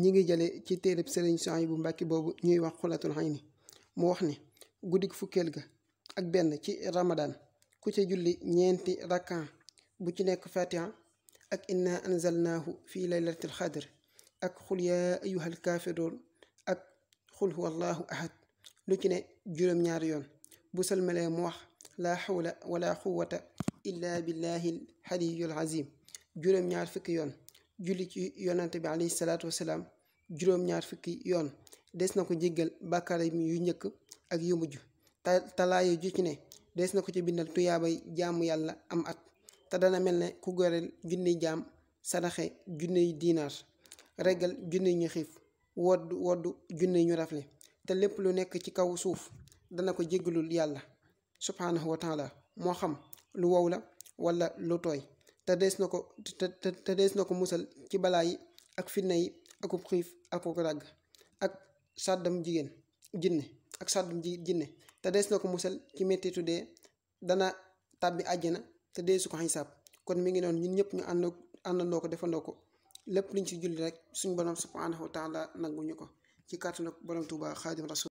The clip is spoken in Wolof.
ñi ngi jële ci téréb sëriñ Suhaybu Mbàkke boobu ñuy wax xulatul xayni mu wax ni guddik fukkeel ga ak benn ci ramadan ku ca julli ñeenti rakkan bu ci nekk fatiha ak inna anzalnahu fi laylatil xadr ak xul ya ayyuhal kaafiruun ak xul huwallaahu ahad lu ci ne juróom-ñaar yoon bu salmalee mu wax la xawla wala quwwata illa billaahil aliyyil aziim juróom-ñaar fukki yoon julli ci yonante bi alayhi salaatu wasalaam juróom-ñaar fukki yoon des na ko jéggal bàkkaar yu njëkk ak yu mujj ta talaayo ju ci ne des na ko ci bindal tuyaabay jaamu yàlla am at te dana mel ne ku goreel junniy jaam saraxe junniy diinaar regal junniy ñu xiif wodd wodd junniy ñu rafle te lépp lu nekk ci kaw suuf dana ko jéggalul yàlla subhaanahu wa moo xam lu wow la wala lu tooy te dees na ko te te dees na ko musal ci balaa yi ak fitna yi akub xiif akub ràgg ak sàddam jigéen jinne ak sàddam ji jinne te dees na ko musal ci mettitu dee dana tàbbi àjjana te deesu ko xisaab kon mi ngi noonu ñun ñëpp ñu ànd àndandoo ko defandoo ko lépp luñ ci julli rek suñ borom subhanahu wa taala nanguñu ko ci kàttanu borom Tuubaa Xaadim Rasuul